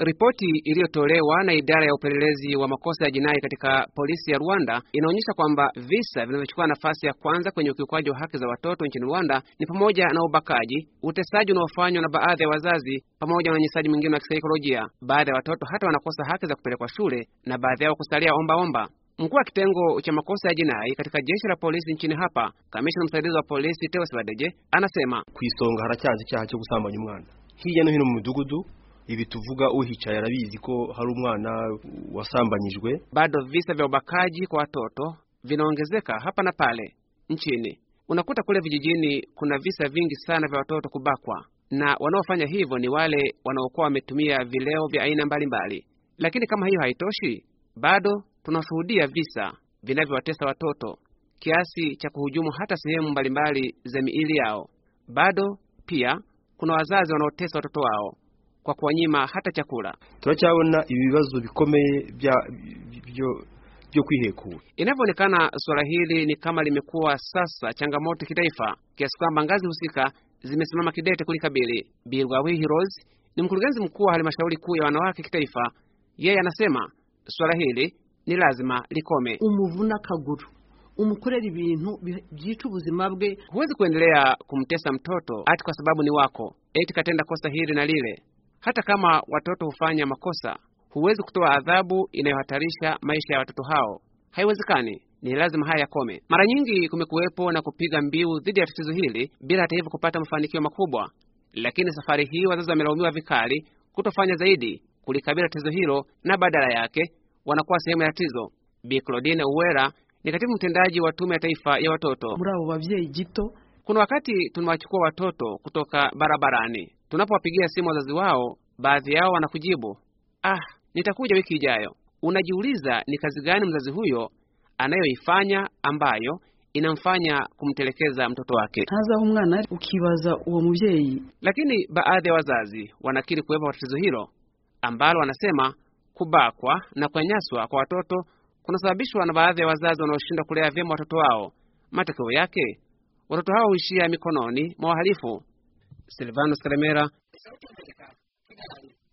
Ripoti iliyotolewa na idara ya upelelezi wa makosa ya jinai katika polisi ya Rwanda inaonyesha kwamba visa vinavyochukua nafasi ya kwanza kwenye ukiukwaji wa haki za watoto nchini Rwanda ni pamoja na ubakaji, utesaji unaofanywa na baadhi ya wazazi, pamoja na unyanyasaji mwingine wa kisaikolojia. Baadhi ya watoto hata wanakosa haki za kupelekwa shule na baadhi yao kusalia ombaomba. Mkuu wa kitengo cha makosa ya jinai katika jeshi la polisi nchini hapa, kamishna msaidizi wa polisi Teo Sibadeje anasema kuisonga haracyazi icyaha cyo gusambanya umwana hirya no hino mu midugudu ibi tuvuga uhicaye arabizi ko hari umwana wasambanyijwe. Bado visa vya ubakaji kwa watoto vinaongezeka hapa na pale nchini. Unakuta kule vijijini kuna visa vingi sana vya watoto kubakwa, na wanaofanya hivyo ni wale wanaokuwa wametumia vileo vya aina mbalimbali. Lakini kama hiyo haitoshi, bado tunashuhudia visa vinavyowatesa watoto kiasi cha kuhujumu hata sehemu mbalimbali za miili yao. Bado pia kuna wazazi wanaotesa watoto wao kwa kuwanyima hata chakula. turacyabona ibibazo bikomeye bya byo byo kwihekura. Inavyoonekana, suala hili ni kama limekuwa sasa changamoto kitaifa kiasi kwamba ngazi husika zimesimama kidete kulikabili. Birwawi Heroes ni mkurugenzi mkuu wa halmashauri kuu ya wanawake kitaifa. Yeye anasema suala hili ni lazima likome. umuvuna kaguru umukorera ibintu byica ubuzima bwe. Huwezi kuendelea kumtesa mtoto ati kwa sababu ni wako, eti katenda kosa hili na lile hata kama watoto hufanya makosa, huwezi kutoa adhabu inayohatarisha maisha ya watoto hao. Haiwezekani. Ni lazima haya yakome. Mara nyingi kumekuwepo na kupiga mbiu dhidi ya tatizo hili bila hata hivyo kupata mafanikio makubwa, lakini safari hii wazazi wamelaumiwa vikali kutofanya zaidi kulikabila tatizo hilo na badala yake wanakuwa sehemu ya tatizo. Bi Claudine Uwera ni katibu mtendaji wa Tume ya Taifa ya Watoto. kuna wakati tunawachukua watoto kutoka barabarani Tunapowapigia simu wazazi wao, baadhi yao wanakujibu ah, nitakuja wiki ijayo. Unajiuliza ni kazi gani mzazi huyo anayoifanya ambayo inamfanya kumtelekeza mtoto wake aza umwana ukibaza uwo mubyeyi. Lakini baadhi ya wazazi wanakiri kuwepo kwa tatizo hilo ambalo wanasema kubakwa na kunyanyaswa kwa watoto kunasababishwa na baadhi ya wazazi wanaoshindwa kulea vyema watoto wao. Matokeo yake watoto hao huishia mikononi mwa wahalifu Σε Κρεμέρα.